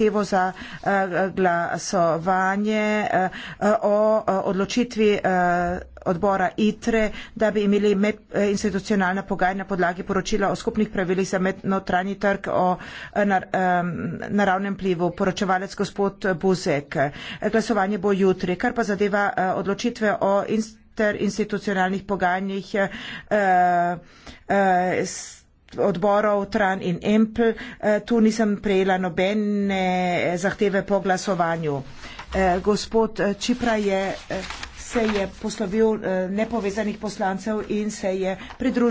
zahtevo za eh, glasovanje eh, o eh, odločitvi odbora ITRE, da bi imeli institucionalna pogajna podlagi poročila o skupnih pravilih za mednotranji trg o naravnem plivu. Poročevalec gospod Buzek. Glasovanje bo jutri. Kar pa zadeva odločitve o institucionalnih pogajnih odborov Tran in Empl, eh, tu nisem prejela nobene zahteve po glasovanju. Eh, gospod eh, Čipra je, se je poslovil nepovezanih poslancev in se je pridružil.